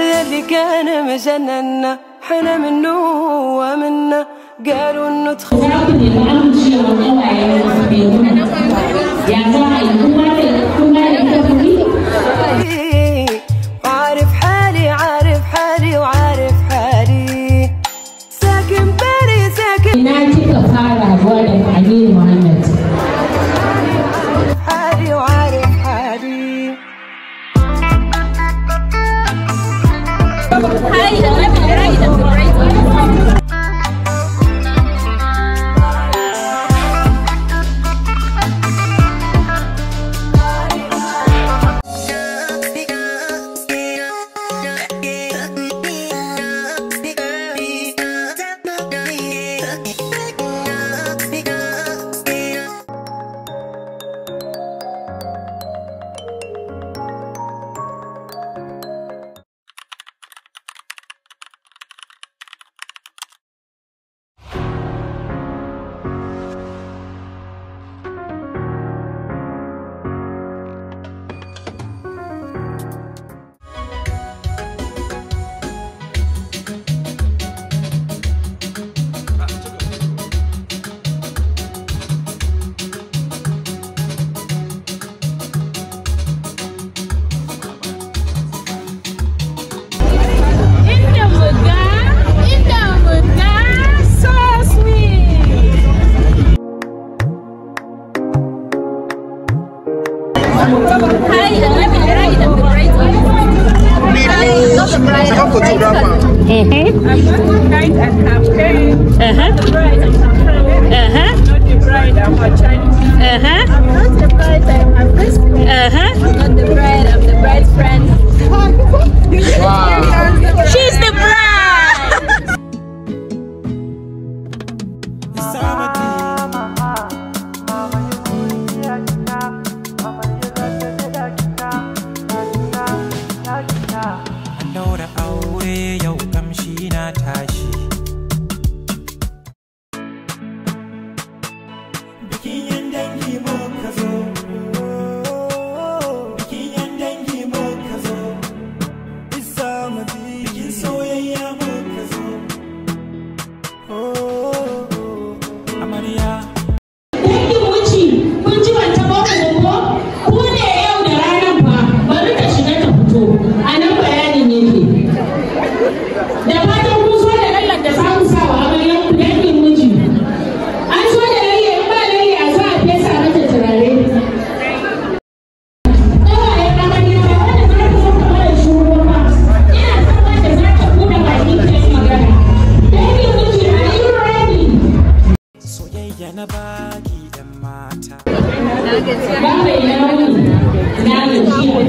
اللي كان مجننا حنا منه ومنا قالوا انه تخ...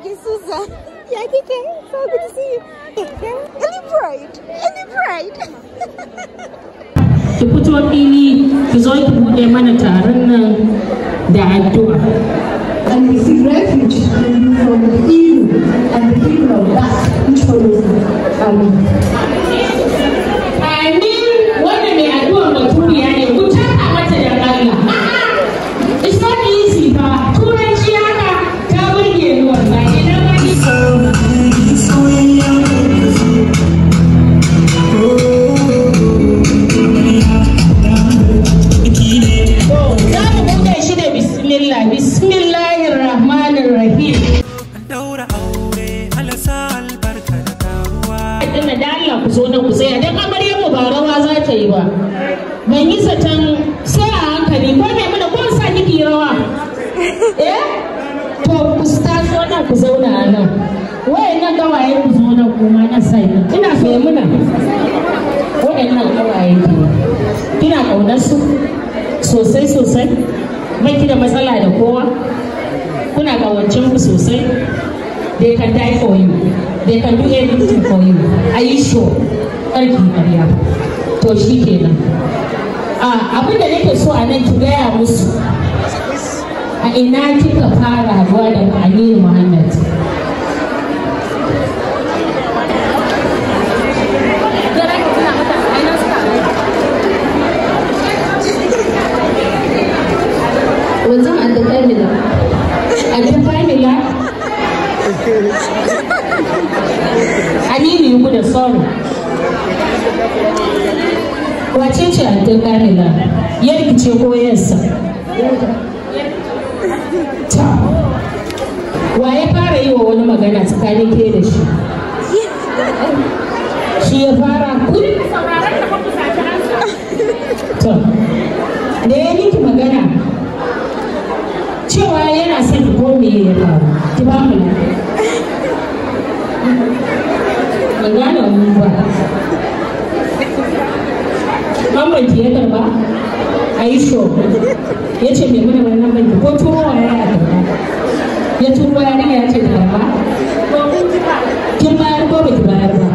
hugging Susan. Yeah, Kike, so good to see you. Any pride, any pride. Ki fito fili ki zo ki And we seek refuge from the evil and the evil of that which follows. Amen. sa albarkar dawowa. Ina da Allah ku zo nan ku tsaya don amaryar mu ba rawa za ta yi ba. Ban yi zaton sai a hankali ko me mana ko sa kiki rawa. Eh? To ku taso nan ku zauna a nan. Wayan nan gawaye ku zo nan kuma na sai. Ina so muna. Wayan nan gawaye ke. Kina kaunar su sosai sosai. Bai ki da matsala da kowa. Kuna kawancin ku sosai. they can die for you they can do anything for you are you sure karki karya to shi kenan ah, abin da nake so a nan ki gaya musu a ina kika fara rabuwa da Aminu Muhammad wa ya fara yi wa wani magana tsakanin ke da shi shi ya fara kun to da ya miki magana cewa yana son ki ko me ya faru ki ba mu na ban gane wani ba a yi sho ya ce mana wannan ko turo wa yaya karba ya turo yarinya ya ce kin bayar ko bai bayar ba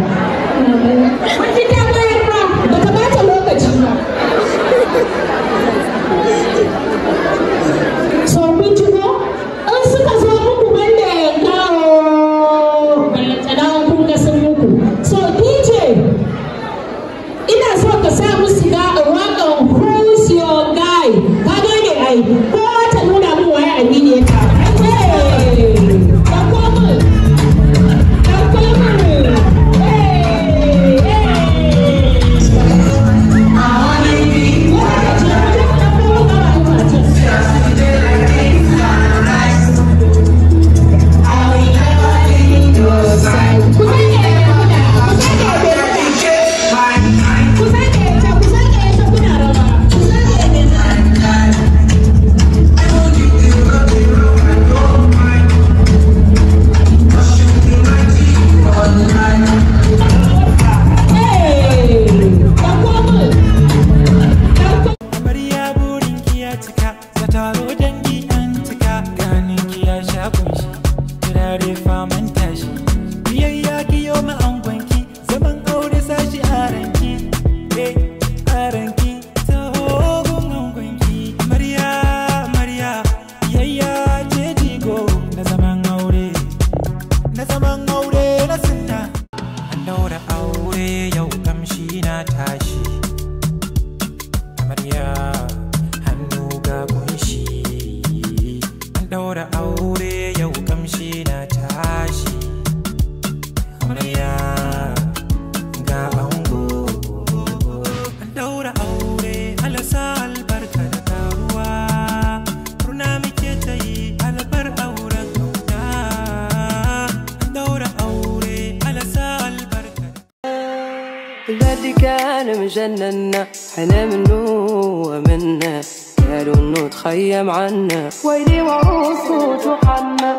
كان مجننا حنا منو منا قالوا انو تخيم عنا ويلي وعروس وحنا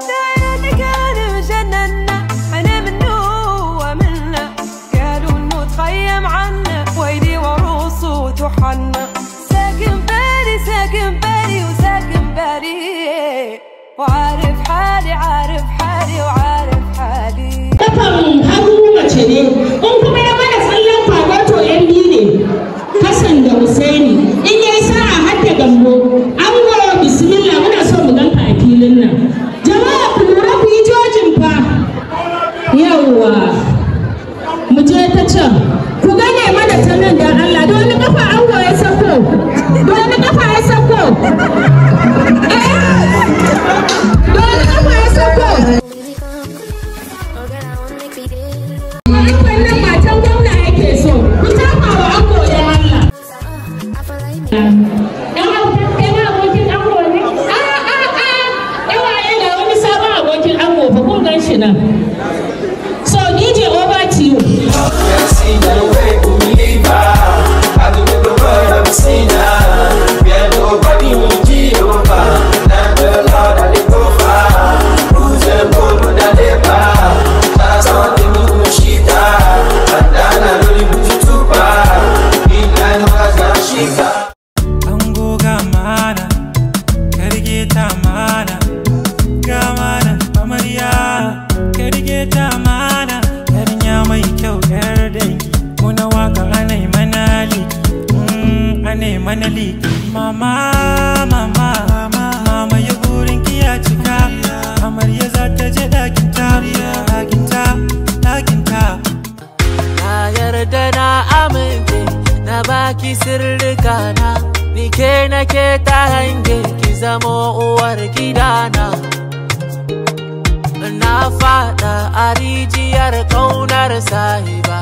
كان مجننا حنا منو قالوا تخيم عنا ويلي ساكن بالي ساكن بالي وساكن بالي وعارف حالي عارف حالي So you over to you. mana liki mama mama mama ya burin ya cika amarya za ta je ɗakinta ɗakinta ɗakinta na yarda na amince na baki sirrika na ni ke nake ta hange ki zama uwar gidana na fada a rijiyar ƙaunar sahiba